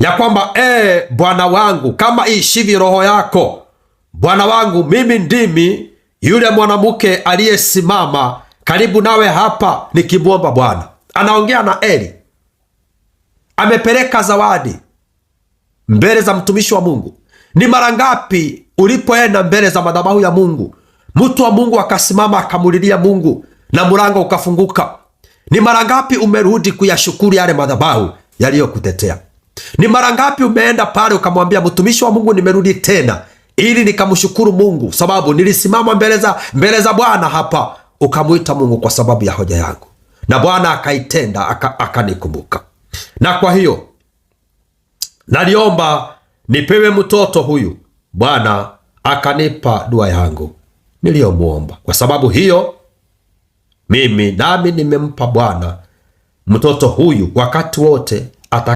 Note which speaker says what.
Speaker 1: ya kwamba e ee, Bwana wangu, kama ishivi roho yako, Bwana wangu, mimi ndimi yule mwanamke aliyesimama karibu nawe hapa nikimwomba Bwana. Anaongea na Eli, amepeleka zawadi mbele za mtumishi wa Mungu. Ni mara ngapi ulipoenda mbele za madhabahu ya Mungu, mtu wa Mungu akasimama akamulilia Mungu na mlango ukafunguka? Ni mara ngapi umerudi kuyashukuru yale madhabahu yaliyokutetea? Ni mara ngapi umeenda pale ukamwambia mtumishi wa Mungu, nimerudi tena ili nikamshukuru Mungu sababu nilisimama mbele za mbele za Bwana hapa, ukamwita Mungu kwa sababu ya hoja yangu, na Bwana akaitenda akanikumbuka. aka. Na kwa hiyo naliomba nipewe mtoto huyu, Bwana akanipa dua yangu niliyomwomba. Kwa sababu hiyo mimi nami nimempa Bwana mtoto huyu wakati wote ata